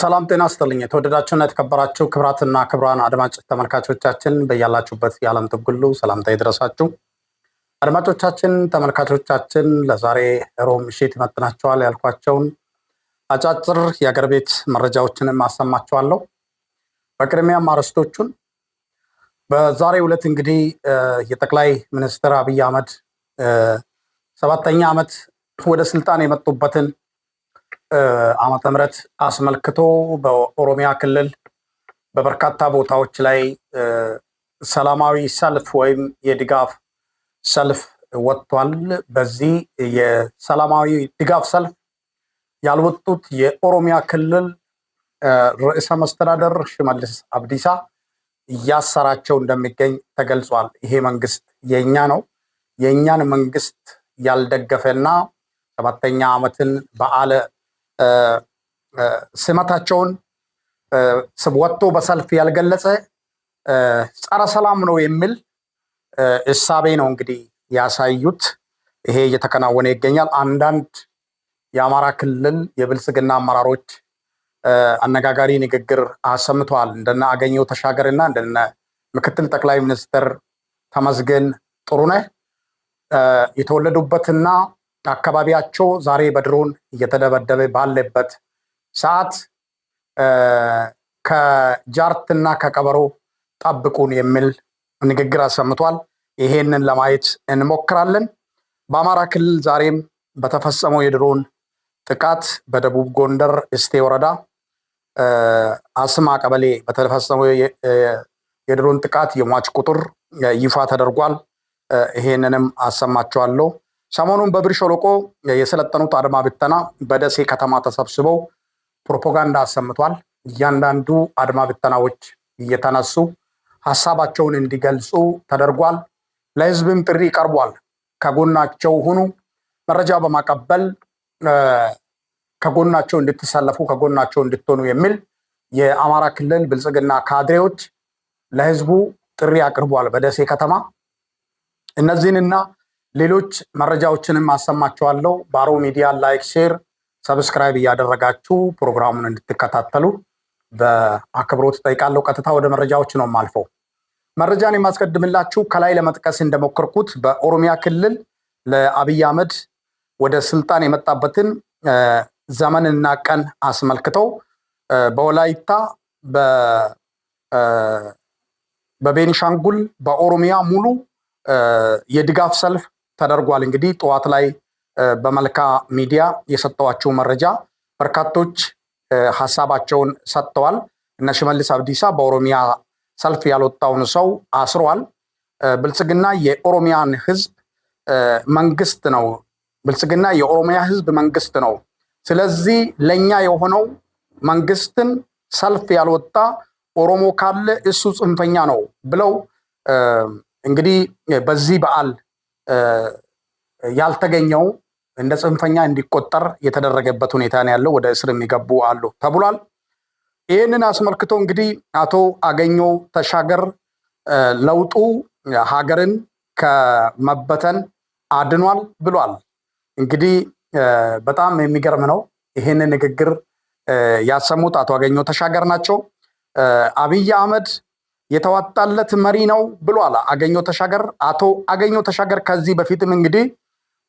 ሰላም ጤና ስጥልኝ። የተወደዳችሁና የተከበራችሁ ክብራትና ክብራን አድማጭ ተመልካቾቻችን በያላችሁበት የዓለም ትጉሉ ሰላምታ ይድረሳችሁ። አድማጮቻችን፣ ተመልካቾቻችን ለዛሬ ሮብ ምሽት ይመጥናቸዋል ያልኳቸውን አጫጭር የአገር ቤት መረጃዎችንም አሰማችኋለሁ። በቅድሚያም አርዕስቶቹን በዛሬ ዕለት እንግዲህ የጠቅላይ ሚኒስትር አብይ አህመድ ሰባተኛ ዓመት ወደ ስልጣን የመጡበትን ዓመተ ምህረት አስመልክቶ በኦሮሚያ ክልል በበርካታ ቦታዎች ላይ ሰላማዊ ሰልፍ ወይም የድጋፍ ሰልፍ ወጥቷል። በዚህ የሰላማዊ ድጋፍ ሰልፍ ያልወጡት የኦሮሚያ ክልል ርዕሰ መስተዳደር ሽመልስ አብዲሳ እያሰራቸው እንደሚገኝ ተገልጿል። ይሄ መንግስት የእኛ ነው፣ የእኛን መንግስት ያልደገፈና ሰባተኛ ዓመትን በዓለ ስመታቸውን ወጥቶ በሰልፍ ያልገለጸ ጸረ ሰላም ነው የሚል እሳቤ ነው እንግዲህ ያሳዩት። ይሄ እየተከናወነ ይገኛል። አንዳንድ የአማራ ክልል የብልጽግና አመራሮች አነጋጋሪ ንግግር አሰምተዋል። እንደነ አገኘው ተሻገርና እንደነ ምክትል ጠቅላይ ሚኒስትር ተመስገን ጥሩነህ የተወለዱበትና አካባቢያቸው ዛሬ በድሮን እየተደበደበ ባለበት ሰዓት ከጃርትና ከቀበሮ ጠብቁን የሚል ንግግር አሰምቷል። ይሄንን ለማየት እንሞክራለን። በአማራ ክልል ዛሬም በተፈጸመው የድሮን ጥቃት በደቡብ ጎንደር እስቴ ወረዳ አስማ ቀበሌ በተፈጸመው የድሮን ጥቃት የሟች ቁጥር ይፋ ተደርጓል። ይሄንንም አሰማችኋለሁ። ሰሞኑን በብር ሸለቆ የሰለጠኑት አድማ ብተና በደሴ ከተማ ተሰብስበው ፕሮፓጋንዳ አሰምቷል። እያንዳንዱ አድማ ብተናዎች እየተነሱ ሀሳባቸውን እንዲገልጹ ተደርጓል። ለህዝብም ጥሪ ቀርቧል። ከጎናቸው ሁኑ፣ መረጃ በማቀበል ከጎናቸው እንድትሰለፉ፣ ከጎናቸው እንድትሆኑ የሚል የአማራ ክልል ብልጽግና ካድሬዎች ለህዝቡ ጥሪ አቅርቧል። በደሴ ከተማ እነዚህንና ሌሎች መረጃዎችንም አሰማችኋለሁ። ባሮ ሚዲያ ላይክ፣ ሼር፣ ሰብስክራይብ እያደረጋችሁ ፕሮግራሙን እንድትከታተሉ በአክብሮት ጠይቃለሁ። ቀጥታ ወደ መረጃዎች ነው የማልፈው። መረጃን የማስቀድምላችሁ ከላይ ለመጥቀስ እንደሞከርኩት በኦሮሚያ ክልል ለአብይ አህመድ ወደ ስልጣን የመጣበትን ዘመንና ቀን አስመልክተው በወላይታ በቤኒሻንጉል በኦሮሚያ ሙሉ የድጋፍ ሰልፍ ተደርጓል። እንግዲህ ጠዋት ላይ በመልካ ሚዲያ የሰጠዋቸው መረጃ በርካቶች ሀሳባቸውን ሰጥተዋል። እነ ሽመልስ አብዲሳ በኦሮሚያ ሰልፍ ያልወጣውን ሰው አስረዋል። ብልጽግና የኦሮሚያን ህዝብ መንግስት ነው። ብልጽግና የኦሮሚያ ህዝብ መንግስት ነው። ስለዚህ ለእኛ የሆነው መንግስትን ሰልፍ ያልወጣ ኦሮሞ ካለ እሱ ጽንፈኛ ነው ብለው እንግዲህ በዚህ በዓል ያልተገኘው እንደ ጽንፈኛ እንዲቆጠር የተደረገበት ሁኔታ ነው ያለው። ወደ እስር የሚገቡ አሉ ተብሏል። ይህንን አስመልክቶ እንግዲህ አቶ አገኘሁ ተሻገር ለውጡ ሀገርን ከመበተን አድኗል ብሏል። እንግዲህ በጣም የሚገርም ነው። ይህንን ንግግር ያሰሙት አቶ አገኘ ተሻገር ናቸው። አብይ አህመድ የተዋጣለት መሪ ነው ብሏል አገኘው ተሻገር። አቶ አገኘው ተሻገር ከዚህ በፊትም እንግዲህ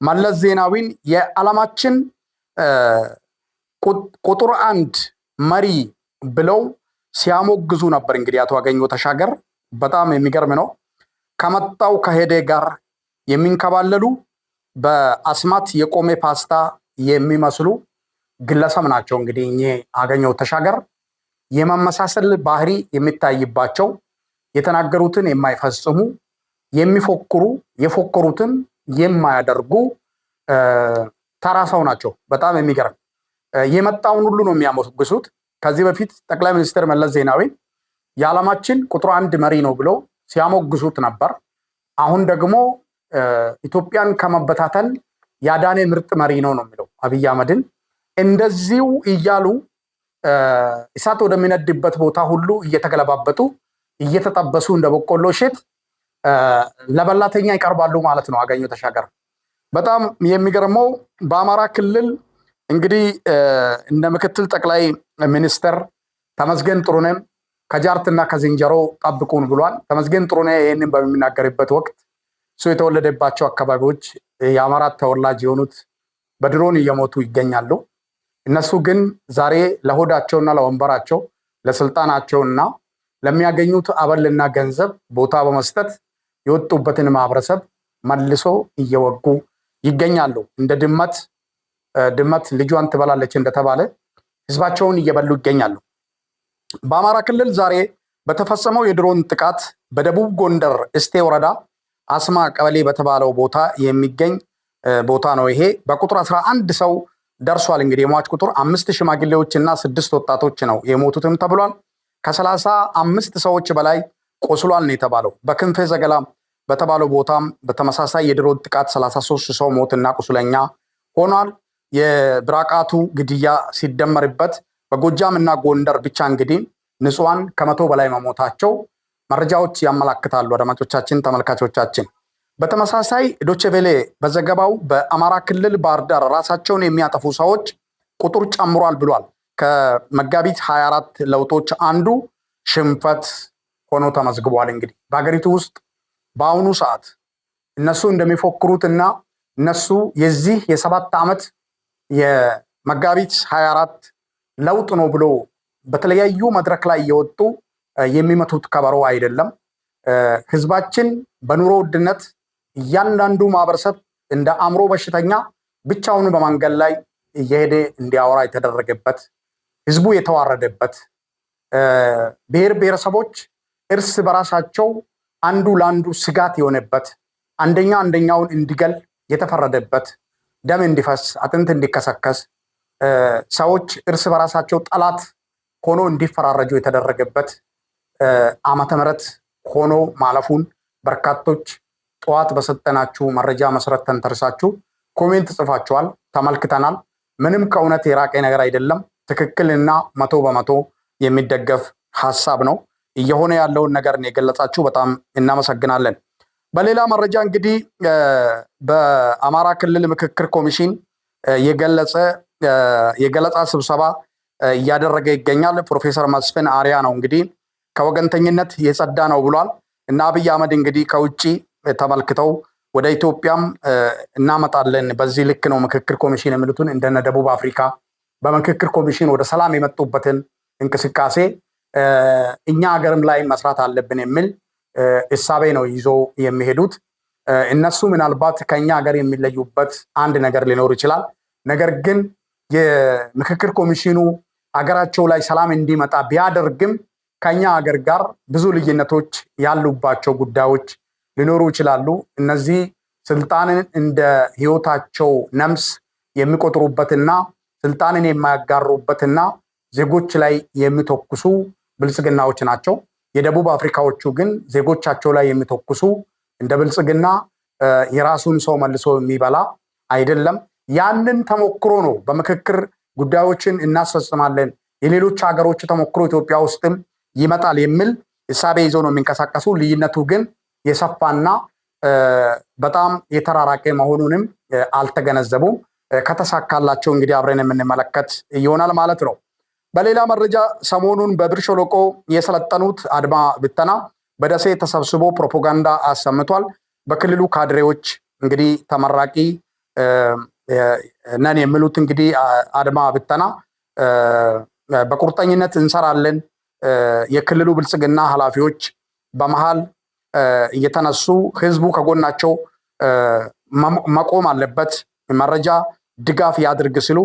መለስ ዜናዊን የዓለማችን ቁጥር አንድ መሪ ብለው ሲያሞግዙ ነበር። እንግዲህ አቶ አገኘው ተሻገር በጣም የሚገርም ነው። ከመጣው ከሄደ ጋር የሚንከባለሉ በአስማት የቆሜ ፓስታ የሚመስሉ ግለሰብ ናቸው። እንግዲህ እኚህ አገኘው ተሻገር የመመሳሰል ባህሪ የሚታይባቸው የተናገሩትን የማይፈጽሙ የሚፎክሩ የፎከሩትን የማያደርጉ ተራ ሰው ናቸው። በጣም የሚገርም የመጣውን ሁሉ ነው የሚያሞግሱት። ከዚህ በፊት ጠቅላይ ሚኒስትር መለስ ዜናዊ የዓለማችን ቁጥር አንድ መሪ ነው ብሎ ሲያሞግሱት ነበር። አሁን ደግሞ ኢትዮጵያን ከመበታተን ያዳኔ ምርጥ መሪ ነው ነው የሚለው አብይ አህመድን እንደዚሁ እያሉ እሳት ወደሚነድበት ቦታ ሁሉ እየተገለባበጡ እየተጠበሱ እንደ በቆሎ እሸት ለበላተኛ ይቀርባሉ ማለት ነው። አገኘሁ ተሻገር በጣም የሚገርመው በአማራ ክልል እንግዲህ እንደ ምክትል ጠቅላይ ሚኒስትር ተመስገን ጥሩነህ ከጃርትና ከዝንጀሮ ጠብቁን ብሏል። ተመስገን ጥሩነ ይህንን በሚናገርበት ወቅት እሱ የተወለደባቸው አካባቢዎች የአማራ ተወላጅ የሆኑት በድሮን እየሞቱ ይገኛሉ። እነሱ ግን ዛሬ ለሆዳቸውና ለወንበራቸው ለስልጣናቸውና ለሚያገኙት አበልና ገንዘብ ቦታ በመስጠት የወጡበትን ማህበረሰብ መልሶ እየወጉ ይገኛሉ። እንደ ድመት ድመት ልጇን ትበላለች እንደተባለ ህዝባቸውን እየበሉ ይገኛሉ። በአማራ ክልል ዛሬ በተፈጸመው የድሮን ጥቃት በደቡብ ጎንደር እስቴ ወረዳ አስማ ቀበሌ በተባለው ቦታ የሚገኝ ቦታ ነው። ይሄ በቁጥር አስራ አንድ ሰው ደርሷል። እንግዲህ የሟች ቁጥር አምስት ሽማግሌዎች እና ስድስት ወጣቶች ነው የሞቱትም ተብሏል። ከሰላሳ አምስት ሰዎች በላይ ቆስሏል ነው የተባለው። በክንፌ ዘገላ በተባለው ቦታም በተመሳሳይ የድሮን ጥቃት 33 ሰው ሞትና ቁስለኛ ሆኗል። የብራቃቱ ግድያ ሲደመርበት በጎጃም እና ጎንደር ብቻ እንግዲህ ንጹሐን ከመቶ በላይ መሞታቸው መረጃዎች ያመላክታሉ። አድማጮቻችን፣ ተመልካቾቻችን በተመሳሳይ ዶቼቬሌ በዘገባው በአማራ ክልል ባህር ዳር ራሳቸውን የሚያጠፉ ሰዎች ቁጥር ጨምሯል ብሏል። ከመጋቢት 24 ለውጦች አንዱ ሽንፈት ሆኖ ተመዝግቧል። እንግዲህ በሀገሪቱ ውስጥ በአሁኑ ሰዓት እነሱ እንደሚፎክሩት እና እነሱ የዚህ የሰባት ዓመት የመጋቢት 24 ለውጥ ነው ብሎ በተለያዩ መድረክ ላይ እየወጡ የሚመቱት ከበሮ አይደለም። ህዝባችን በኑሮ ውድነት እያንዳንዱ ማህበረሰብ እንደ አእምሮ በሽተኛ ብቻውን በመንገድ ላይ እየሄደ እንዲያወራ የተደረገበት ህዝቡ የተዋረደበት ብሔር ብሔረሰቦች እርስ በራሳቸው አንዱ ለአንዱ ስጋት የሆነበት አንደኛ አንደኛውን እንዲገል የተፈረደበት ደም እንዲፈስ አጥንት እንዲከሰከስ ሰዎች እርስ በራሳቸው ጠላት ሆኖ እንዲፈራረጁ የተደረገበት ዓመተ ምሕረት ሆኖ ማለፉን በርካቶች ጠዋት በሰጠናችሁ መረጃ መሰረት ተንተርሳችሁ ኮሜንት ጽፋችኋል፣ ተመልክተናል። ምንም ከእውነት የራቀ ነገር አይደለም። ትክክልና መቶ በመቶ የሚደገፍ ሀሳብ ነው። እየሆነ ያለውን ነገር የገለጻችሁ በጣም እናመሰግናለን። በሌላ መረጃ እንግዲህ በአማራ ክልል ምክክር ኮሚሽን የገለጸ የገለጻ ስብሰባ እያደረገ ይገኛል። ፕሮፌሰር መስፍን አሪያ ነው እንግዲህ ከወገንተኝነት የጸዳ ነው ብሏል እና አብይ አህመድ እንግዲህ ከውጭ ተመልክተው ወደ ኢትዮጵያም እናመጣለን በዚህ ልክ ነው ምክክር ኮሚሽን የሚሉትን እንደነ ደቡብ አፍሪካ በምክክር ኮሚሽን ወደ ሰላም የመጡበትን እንቅስቃሴ እኛ ሀገርም ላይ መስራት አለብን የሚል እሳቤ ነው ይዞ የሚሄዱት። እነሱ ምናልባት ከኛ ሀገር የሚለዩበት አንድ ነገር ሊኖር ይችላል። ነገር ግን የምክክር ኮሚሽኑ አገራቸው ላይ ሰላም እንዲመጣ ቢያደርግም ከኛ ሀገር ጋር ብዙ ልዩነቶች ያሉባቸው ጉዳዮች ሊኖሩ ይችላሉ። እነዚህ ስልጣንን እንደ ህይወታቸው ነምስ የሚቆጥሩበትና ስልጣንን የማያጋሩበትና ዜጎች ላይ የሚተኩሱ ብልጽግናዎች ናቸው። የደቡብ አፍሪካዎቹ ግን ዜጎቻቸው ላይ የሚተኩሱ እንደ ብልጽግና የራሱን ሰው መልሶ የሚበላ አይደለም። ያንን ተሞክሮ ነው በምክክር ጉዳዮችን እናስፈጽማለን፣ የሌሎች ሀገሮች ተሞክሮ ኢትዮጵያ ውስጥም ይመጣል የሚል እሳቤ ይዞ ነው የሚንቀሳቀሱ። ልዩነቱ ግን የሰፋና በጣም የተራራቀ መሆኑንም አልተገነዘቡም። ከተሳካላቸው እንግዲህ አብረን የምንመለከት ይሆናል ማለት ነው። በሌላ መረጃ ሰሞኑን በብር ሸለቆ የሰለጠኑት አድማ ብተና በደሴ ተሰብስቦ ፕሮፓጋንዳ አሰምቷል። በክልሉ ካድሬዎች እንግዲህ ተመራቂ ነን የሚሉት እንግዲህ አድማ ብተና በቁርጠኝነት እንሰራለን፣ የክልሉ ብልጽግና ኃላፊዎች በመሃል እየተነሱ ህዝቡ ከጎናቸው መቆም አለበት መረጃ ድጋፍ ያድርግ ሲሉ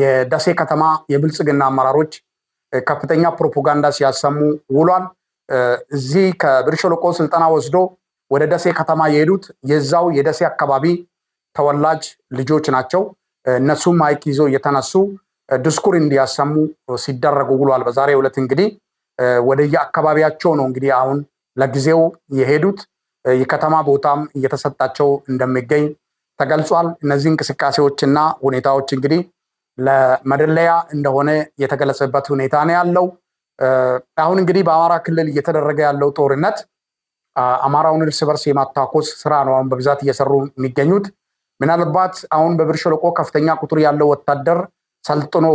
የደሴ ከተማ የብልጽግና አመራሮች ከፍተኛ ፕሮፓጋንዳ ሲያሰሙ ውሏል። እዚህ ከብር ሸለቆ ስልጠና ወስዶ ወደ ደሴ ከተማ የሄዱት የዛው የደሴ አካባቢ ተወላጅ ልጆች ናቸው። እነሱም ማይክ ይዞ እየተነሱ ድስኩር እንዲያሰሙ ሲደረጉ ውሏል። በዛሬ ዕለት እንግዲህ ወደየአካባቢያቸው ነው እንግዲህ አሁን ለጊዜው የሄዱት የከተማ ቦታም እየተሰጣቸው እንደሚገኝ ተገልጿል። እነዚህ እንቅስቃሴዎችና ሁኔታዎች እንግዲህ ለመደለያ እንደሆነ የተገለጸበት ሁኔታ ነው ያለው። አሁን እንግዲህ በአማራ ክልል እየተደረገ ያለው ጦርነት አማራውን እርስ በርስ የማታኮስ ስራ ነው አሁን በብዛት እየሰሩ የሚገኙት። ምናልባት አሁን በብር ሸለቆ ከፍተኛ ቁጥር ያለው ወታደር ሰልጥኖ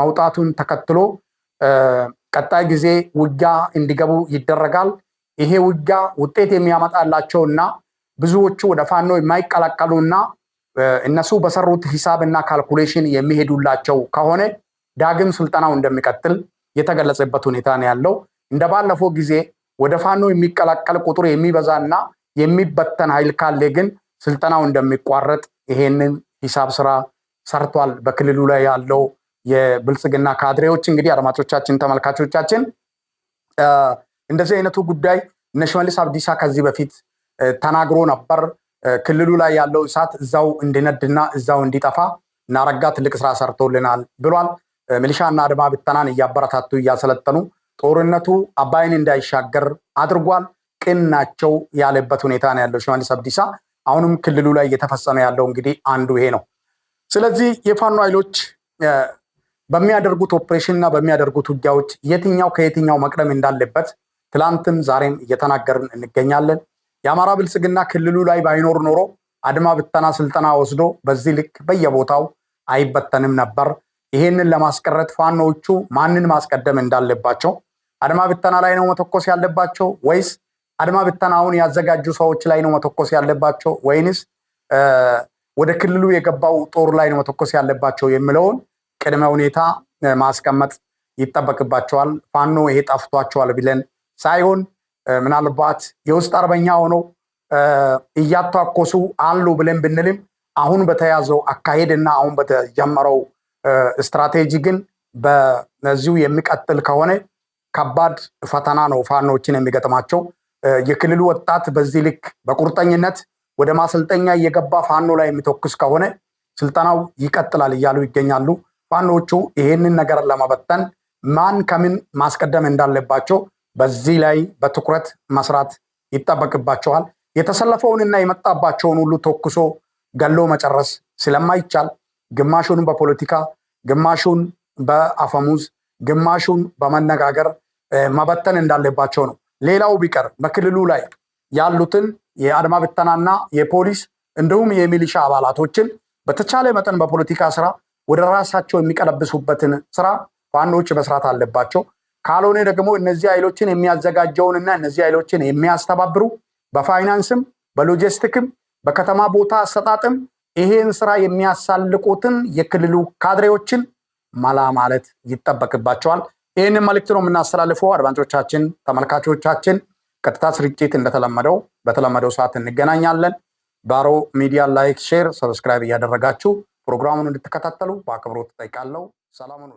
መውጣቱን ተከትሎ ቀጣይ ጊዜ ውጊያ እንዲገቡ ይደረጋል። ይሄ ውጊያ ውጤት የሚያመጣላቸው እና ብዙዎቹ ወደ ፋኖ የማይቀላቀሉና እነሱ በሰሩት ሂሳብና ካልኩሌሽን የሚሄዱላቸው ከሆነ ዳግም ስልጠናው እንደሚቀጥል የተገለጸበት ሁኔታ ነው ያለው። እንደ ባለፈው ጊዜ ወደ ፋኖ የሚቀላቀል ቁጥር የሚበዛና የሚበተን ኃይል ካለ ግን ስልጠናው እንደሚቋረጥ ይሄንን ሂሳብ ስራ ሰርቷል። በክልሉ ላይ ያለው የብልጽግና ካድሬዎች እንግዲህ አድማጮቻችን፣ ተመልካቾቻችን እንደዚህ አይነቱ ጉዳይ እነ ሽመልስ አብዲሳ ከዚህ በፊት ተናግሮ ነበር። ክልሉ ላይ ያለው እሳት እዛው እንዲነድና እዛው እንዲጠፋ እናረጋ ትልቅ ስራ ሰርቶልናል ብሏል። ሚሊሻና አድማ ብተናን እያበረታቱ እያሰለጠኑ ጦርነቱ አባይን እንዳይሻገር አድርጓል። ቅን ናቸው ያለበት ሁኔታ ነው ያለው ሽመልስ አብዲሳ። አሁንም ክልሉ ላይ እየተፈጸመ ያለው እንግዲህ አንዱ ይሄ ነው። ስለዚህ የፋኖ ኃይሎች በሚያደርጉት ኦፕሬሽን እና በሚያደርጉት ውጊያዎች የትኛው ከየትኛው መቅደም እንዳለበት ትላንትም ዛሬም እየተናገርን እንገኛለን። የአማራ ብልጽግና ክልሉ ላይ ባይኖር ኖሮ አድማ ብተና ስልጠና ወስዶ በዚህ ልክ በየቦታው አይበተንም ነበር። ይሄንን ለማስቀረት ፋኖዎቹ ማንን ማስቀደም እንዳለባቸው አድማ ብተና ላይ ነው መተኮስ ያለባቸው ወይስ አድማ ብተናውን ያዘጋጁ ሰዎች ላይ ነው መተኮስ ያለባቸው ወይንስ ወደ ክልሉ የገባው ጦር ላይ ነው መተኮስ ያለባቸው የሚለውን ቅድመ ሁኔታ ማስቀመጥ ይጠበቅባቸዋል። ፋኖ ይሄ ጠፍቷቸዋል ብለን ሳይሆን ምናልባት የውስጥ አርበኛ ሆነው እያታኮሱ አሉ ብለን ብንልም አሁን በተያዘው አካሄድ እና አሁን በተጀመረው ስትራቴጂ ግን በዚሁ የሚቀጥል ከሆነ ከባድ ፈተና ነው ፋኖችን የሚገጥማቸው። የክልሉ ወጣት በዚህ ልክ በቁርጠኝነት ወደ ማሰልጠኛ እየገባ ፋኖ ላይ የሚተኩስ ከሆነ ስልጠናው ይቀጥላል እያሉ ይገኛሉ። ፋኖቹ ይህንን ነገር ለመበተን ማን ከምን ማስቀደም እንዳለባቸው በዚህ ላይ በትኩረት መስራት ይጠበቅባቸዋል። የተሰለፈውንና የመጣባቸውን ሁሉ ተኩሶ ገሎ መጨረስ ስለማይቻል ግማሹን በፖለቲካ ግማሹን በአፈሙዝ ግማሹን በመነጋገር መበተን እንዳለባቸው ነው። ሌላው ቢቀር በክልሉ ላይ ያሉትን የአድማ ብተናና የፖሊስ እንዲሁም የሚሊሻ አባላቶችን በተቻለ መጠን በፖለቲካ ስራ ወደ ራሳቸው የሚቀለብሱበትን ስራ ፋኖች መስራት አለባቸው። ካልሆነ ደግሞ እነዚህ ኃይሎችን የሚያዘጋጀውንና እነዚህ ኃይሎችን የሚያስተባብሩ በፋይናንስም በሎጂስቲክም በከተማ ቦታ አሰጣጥም ይሄን ስራ የሚያሳልቁትን የክልሉ ካድሬዎችን መላ ማለት ይጠበቅባቸዋል። ይህንን መልእክት ነው የምናስተላልፈው። አድማጮቻችን፣ ተመልካቾቻችን ቀጥታ ስርጭት እንደተለመደው በተለመደው ሰዓት እንገናኛለን። ባሮ ሚዲያ ላይክ፣ ሼር፣ ሰብስክራይብ እያደረጋችሁ ፕሮግራሙን እንድትከታተሉ በአክብሮት እጠይቃለሁ። ሰላሙን